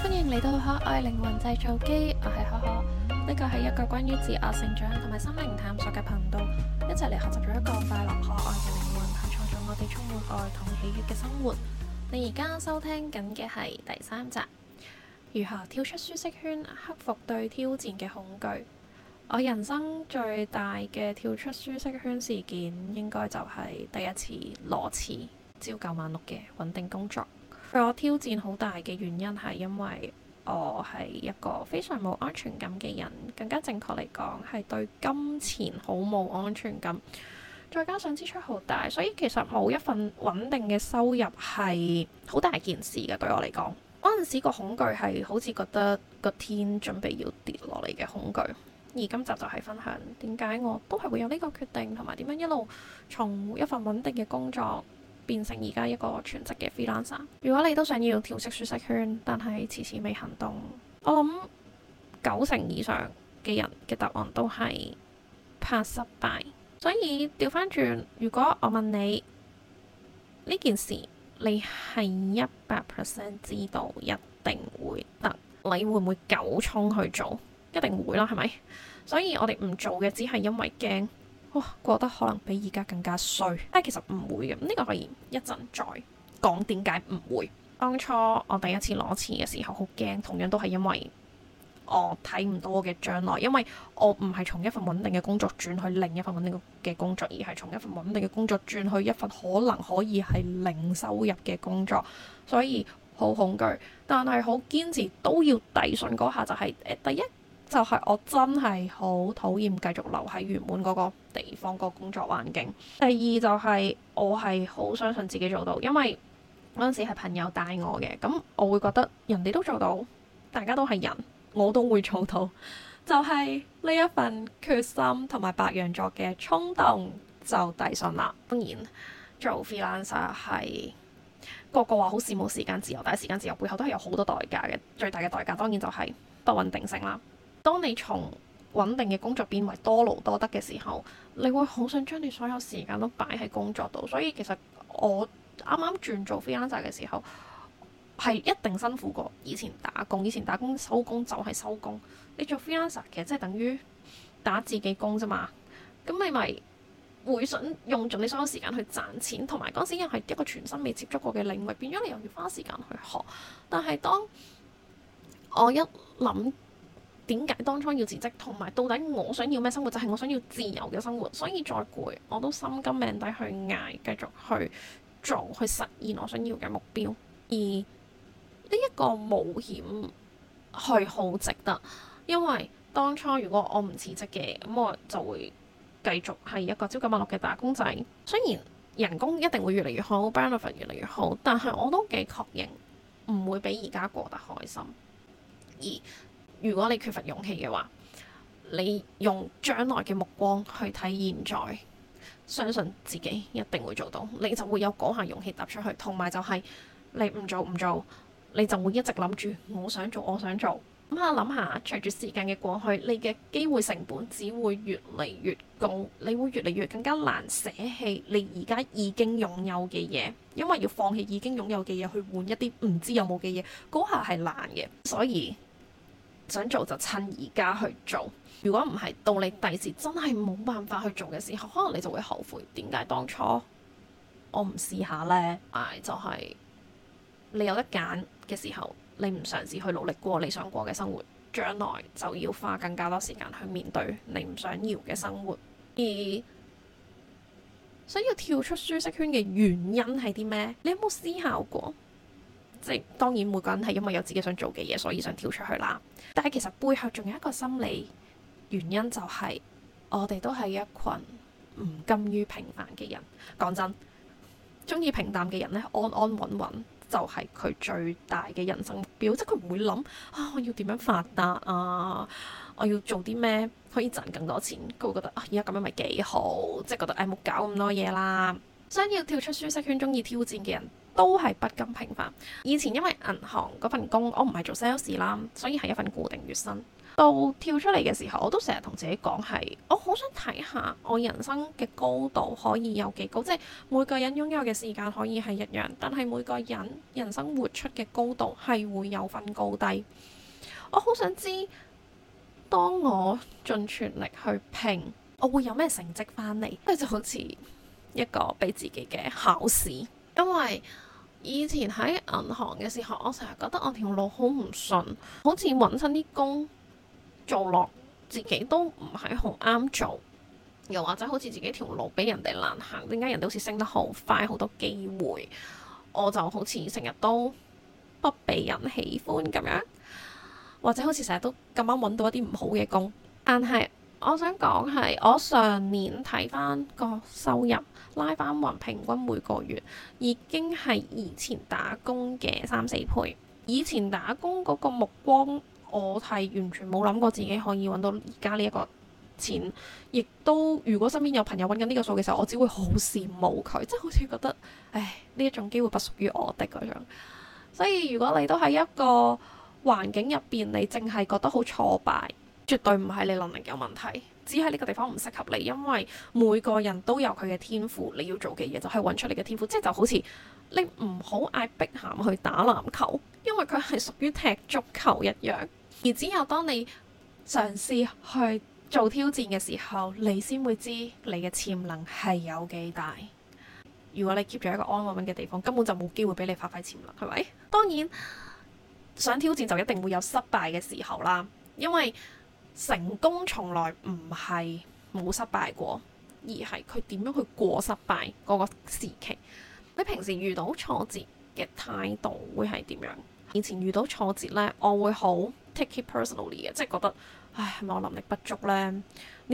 歡迎嚟到可愛靈魂製造機，我係可可，呢個係一個關於自我成長同埋心靈探索嘅頻道，一齊嚟學習做一個快樂可愛嘅靈魂，去創造我哋充滿愛同喜悅嘅生活。你而家收聽緊嘅係第三集，如何跳出舒適圈，克服對挑戰嘅恐懼？我人生最大嘅跳出舒適圈事件，應該就係第一次裸辭，朝九晚六嘅穩定工作。對我挑戰好大嘅原因係因為我係一個非常冇安全感嘅人，更加正確嚟講係對金錢好冇安全感，再加上支出好大，所以其實冇一份穩定嘅收入係好大件事嘅。對我嚟講，嗰陣時個恐懼係好似覺得個天準備要跌落嚟嘅恐懼。而今集就係分享點解我都係會有呢個決定，同埋點樣一路從一份穩定嘅工作。變成而家一個全職嘅 freelancer。如果你都想要跳出舒適圈，但係遲遲未行動，我諗九成以上嘅人嘅答案都係怕失敗。所以調翻轉，如果我問你呢件事，你係一百 percent 知道一定會得，你會唔會九衝去做？一定會啦，係咪？所以我哋唔做嘅，只係因為驚。覺得可能比而家更加衰，但其實唔會嘅，呢、這個我一陣再講點解唔會。當初我第一次攞錢嘅時候，好驚，同樣都係因為我睇唔到我嘅將來，因為我唔係從一份穩定嘅工作轉去另一份穩定嘅工作，而係從一份穩定嘅工作轉去一份可能可以係零收入嘅工作，所以好恐懼，但係好堅持都要遞信嗰下就係、是呃、第一。就係我真係好討厭繼續留喺原本嗰個地方個工作環境。第二就係我係好相信自己做到，因為嗰陣時係朋友帶我嘅，咁我會覺得人哋都做到，大家都係人，我都會做到。就係呢一份決心同埋白羊座嘅衝動就遞信啦。當然做 freelancer 係個個話好羨慕時間自由，但係時間自由背後都係有好多代價嘅。最大嘅代價當然就係不穩定性啦。當你從穩定嘅工作變為多勞多得嘅時候，你會好想將你所有時間都擺喺工作度。所以其實我啱啱轉做 freelancer 嘅時候，係一定辛苦過以前打工。以前打工收工就係收工，你做 freelancer 其實即係等於打自己工啫嘛。咁你咪會想用盡你所有時間去賺錢，同埋嗰時又係一個全新未接觸過嘅領域，變咗你又要花時間去學。但係當我一諗，點解當初要辭職？同埋到底我想要咩生活？就係、是、我想要自由嘅生活。所以再攰，我都心甘命抵去捱，繼續去做，去實現我想要嘅目標。而呢一、這個冒險係好值得，因為當初如果我唔辭職嘅，咁我就會繼續係一個朝九晚六嘅打工仔。雖然人工一定會越嚟越好，benefit 越嚟越好，但係我都幾確認唔會比而家過得開心。而如果你缺乏勇氣嘅話，你用將來嘅目光去睇現在，相信自己一定會做到，你就會有嗰下勇氣踏出去。同埋就係、是、你唔做唔做，你就會一直諗住我想做我想做。咁啊諗下，隨住時間嘅過去，你嘅機會成本只會越嚟越高，你會越嚟越更加難捨棄你而家已經擁有嘅嘢，因為要放棄已經擁有嘅嘢去換一啲唔知有冇嘅嘢，嗰下係難嘅，所以。想做就趁而家去做，如果唔係到你第時真係冇辦法去做嘅時候，可能你就會後悔，點解當初我唔試下咧？唉，就是，就係你有得揀嘅時候，你唔嘗試去努力過你想過嘅生活，將來就要花更加多時間去面對你唔想要嘅生活。而想要跳出舒適圈嘅原因係啲咩？你有冇思考過？即係當然，每個人係因為有自己想做嘅嘢，所以想跳出去啦。但係其實背後仲有一個心理原因，就是，就係我哋都係一群唔甘於平凡嘅人。講真，中意平淡嘅人呢，安安穩穩就係佢最大嘅人生目標。即係佢唔會諗啊，我要點樣發達啊，我要做啲咩可以賺更多錢。佢會覺得啊，而家咁樣咪幾好，即係覺得誒，冇、哎、搞咁多嘢啦。想要跳出舒適圈，中意挑戰嘅人。都係不甘平凡。以前因為銀行嗰份工，我唔係做 sales 啦，所以係一份固定月薪。到跳出嚟嘅時候，我都成日同自己講係，我好想睇下我人生嘅高度可以有幾高。即係每個人擁有嘅時間可以係一樣，但係每個人人生活出嘅高度係會有分高低。我好想知，當我盡全力去拼，我會有咩成績翻嚟？即係就好似一個俾自己嘅考試，因為。以前喺銀行嘅時候，我成日覺得我條路好唔順，好似揾親啲工做落，自己都唔係好啱做。又或者好似自己條路俾人哋難行，點解人哋好似升得好快，好多機會，我就好似成日都不被人喜歡咁樣，或者好似成日都咁啱揾到一啲唔好嘅工，但係。我想講係，我上年睇翻個收入拉翻勻，平均每個月已經係以前打工嘅三四倍。以前打工嗰個目光，我係完全冇諗過自己可以揾到而家呢一個錢。亦都如果身邊有朋友揾緊呢個數嘅時候，我只會好羨慕佢，即係好似覺得，唉，呢一種機會不屬於我的嗰樣。所以如果你都喺一個環境入邊，你淨係覺得好挫敗。絕對唔係你能力有問題，只係呢個地方唔適合你。因為每個人都有佢嘅天賦，你要做嘅嘢就係揾出你嘅天賦，即係就好似你唔好嗌碧咸去打籃球，因為佢係屬於踢足球一樣。而只有當你嘗試去做挑戰嘅時候，你先會知你嘅潛能係有幾大。如果你 keep 住一個安穩嘅地方，根本就冇機會俾你發揮潛能，係咪？當然想挑戰就一定會有失敗嘅時候啦，因為。成功從來唔係冇失敗過，而係佢點樣去過失敗嗰個時期。你平時遇到挫折嘅態度會係點樣？以前遇到挫折呢，我會好 take it personally 嘅，即係覺得，唉，係咪我能力不足呢？呢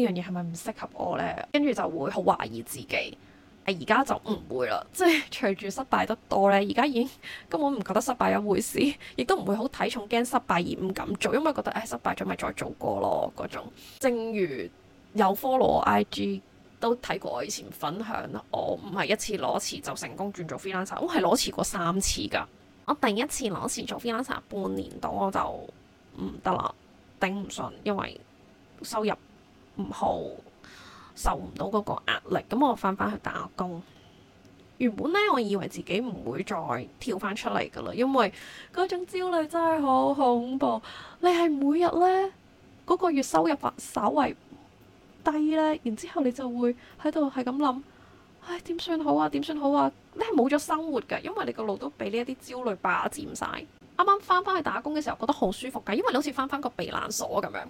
樣嘢係咪唔適合我呢？跟住就會好懷疑自己。而家就唔會啦，即係隨住失敗得多呢，而家已經根本唔覺得失敗一回事，亦都唔會好睇重驚失敗而唔敢做，因為覺得誒失敗咗咪再做過咯嗰種。正如有 follow 我 IG 都睇過我以前分享，我唔係一次裸辭就成功轉做 freelancer，我係裸辭過三次㗎。我第一次裸辭做 freelancer 半年多我就唔得啦，頂唔順，因為收入唔好。受唔到嗰個壓力，咁我翻返去打工。原本呢，我以為自己唔會再跳翻出嚟噶啦，因為嗰種焦慮真係好恐怖。你係每日呢，嗰個月收入稍為低呢，然之後你就會喺度係咁諗，唉點算好啊？點算好啊？你係冇咗生活噶，因為你個腦都俾呢一啲焦慮霸佔晒。啱啱翻翻去打工嘅時候，覺得好舒服噶，因為你好似翻翻個避難所咁樣。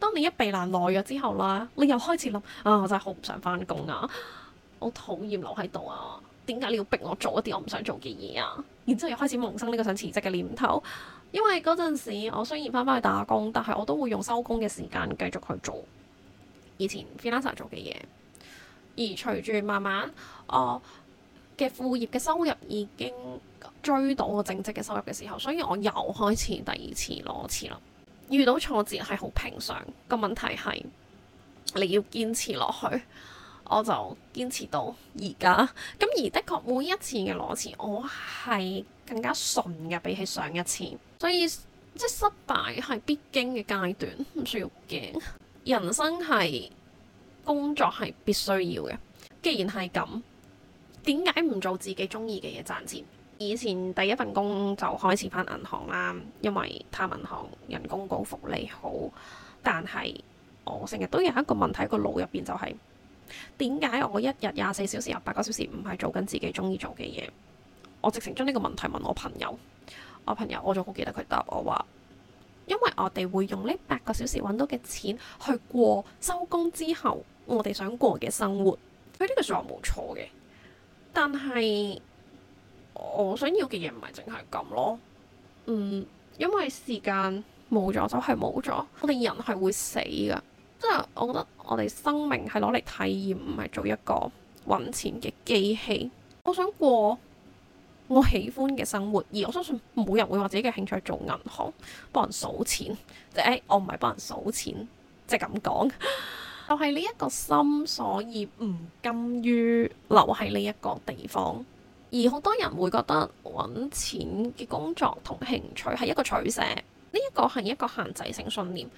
當你一避難耐咗之後啦，你又開始諗啊，我真係好唔想翻工啊，好討厭留喺度啊，點解你要逼我做一啲我唔想做嘅嘢啊？然之後又開始萌生呢個想辭職嘅念頭。因為嗰陣時我雖然翻翻去打工，但係我都會用收工嘅時間繼續去做以前 freelancer 做嘅嘢。而隨住慢慢我，哦嘅副業嘅收入已經追到我正職嘅收入嘅時候，所以我又開始第二次裸辭啦。遇到挫折係好平常，個問題係你要堅持落去，我就堅持到而家。咁而的確每一次嘅裸辭，我係更加順嘅，比起上一次。所以即失敗係必經嘅階段，唔需要驚。人生係工作係必須要嘅，既然係咁。點解唔做自己中意嘅嘢賺錢？以前第一份工就開始返銀行啦，因為貪銀行人工高，福利好。但係我成日都有一個問題，個腦入邊就係點解我一日廿四小時有八個小時唔係做緊自己中意做嘅嘢？我直情將呢個問題問我朋友，我朋友我仲好記得佢答我話，因為我哋會用呢八個小時揾到嘅錢去過收工之後我哋想過嘅生活。佢呢句説話冇錯嘅。但係我想要嘅嘢唔係淨係咁咯，嗯，因為時間冇咗就係冇咗，我哋人係會死噶，即係我覺得我哋生命係攞嚟體驗，唔係做一個揾錢嘅機器。我想過我喜歡嘅生活，而我相信冇人會話自己嘅興趣做銀行，幫人數錢，即係誒，我唔係幫人數錢，即係咁講。就係呢一個心，所以唔甘於留喺呢一個地方，而好多人會覺得揾錢嘅工作同興趣係一個取捨，呢一個係一個限制性信念。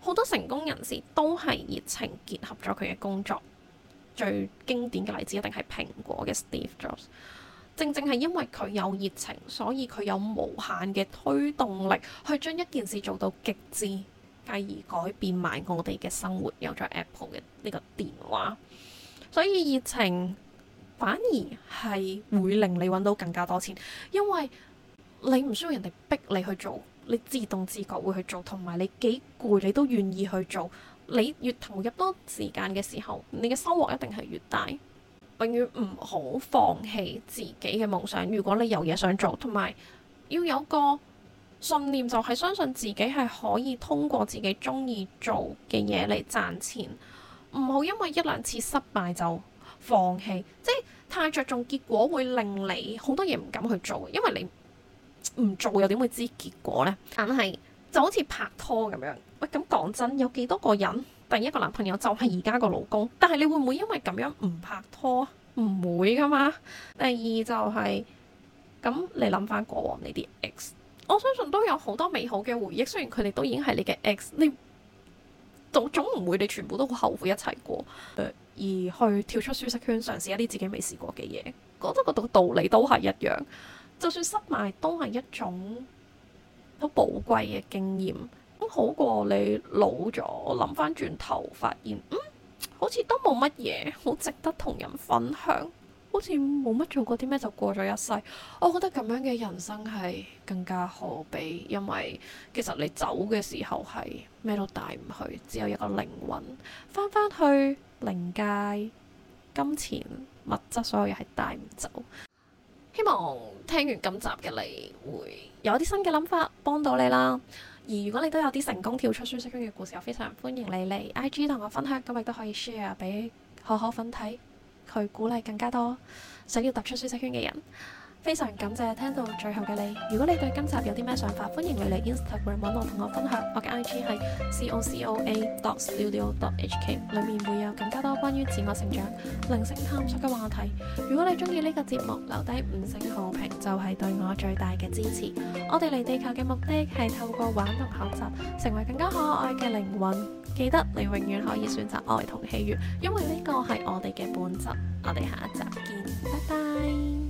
好多成功人士都係熱情結合咗佢嘅工作，最經典嘅例子一定係蘋果嘅 Steve Jobs，正正係因為佢有熱情，所以佢有無限嘅推動力去將一件事做到極致。繼而改變埋我哋嘅生活，有咗 Apple 嘅呢個電話，所以熱情反而係會令你揾到更加多錢，因為你唔需要人哋逼你去做，你自動自覺會去做，同埋你幾攰你都願意去做。你越投入多時間嘅時候，你嘅收穫一定係越大。永遠唔好放棄自己嘅夢想。如果你有嘢想做，同埋要有一個。信念就係相信自己係可以通過自己中意做嘅嘢嚟賺錢，唔好因為一兩次失敗就放棄，即係太着重結果會令你好多嘢唔敢去做，因為你唔做又點會知結果呢？但係就好似拍拖咁樣，喂，咁講真，有幾多個人第一個男朋友就係而家個老公？但係你會唔會因為咁樣唔拍拖？唔會噶嘛。第二就係咁，你諗翻過往呢啲 X。我相信都有好多美好嘅回憶，雖然佢哋都已經係你嘅 ex 你總總唔會你全部都好後悔一齊過，對而去跳出舒適圈，嘗試一啲自己未試過嘅嘢，覺得度道理都係一樣，就算失敗都係一種好寶貴嘅經驗，咁好過你老咗，諗返轉頭發現，嗯，好似都冇乜嘢好值得同人分享。好似冇乜做過啲咩就過咗一世，我覺得咁樣嘅人生係更加可悲，因為其實你走嘅時候係咩都帶唔去，只有一個靈魂翻返去靈界，金錢、物質所有嘢係帶唔走。希望聽完今集嘅你會有啲新嘅諗法，幫到你啦。而如果你都有啲成功跳出舒適圈嘅故事，我非常歡迎你嚟 IG 同我分享，咁亦都可以 share 俾可可粉睇。去鼓勵更加多想要踏出舒適圈嘅人。非常感謝聽到最後嘅你。如果你對今集有啲咩想法，歡迎你嚟 Instagram 網我同我分享。我嘅 IG 係 c o c o a dot l l d o h k，裡面會有更加多關於自我成長、靈性探索嘅話題。如果你中意呢個節目，留低五星好評就係、是、對我最大嘅支持。我哋嚟地球嘅目的係透過玩同學習，成為更加可愛嘅靈魂。記得你永遠可以選擇愛同喜悅，因為呢個係我哋嘅本質。我哋下一集見，拜拜。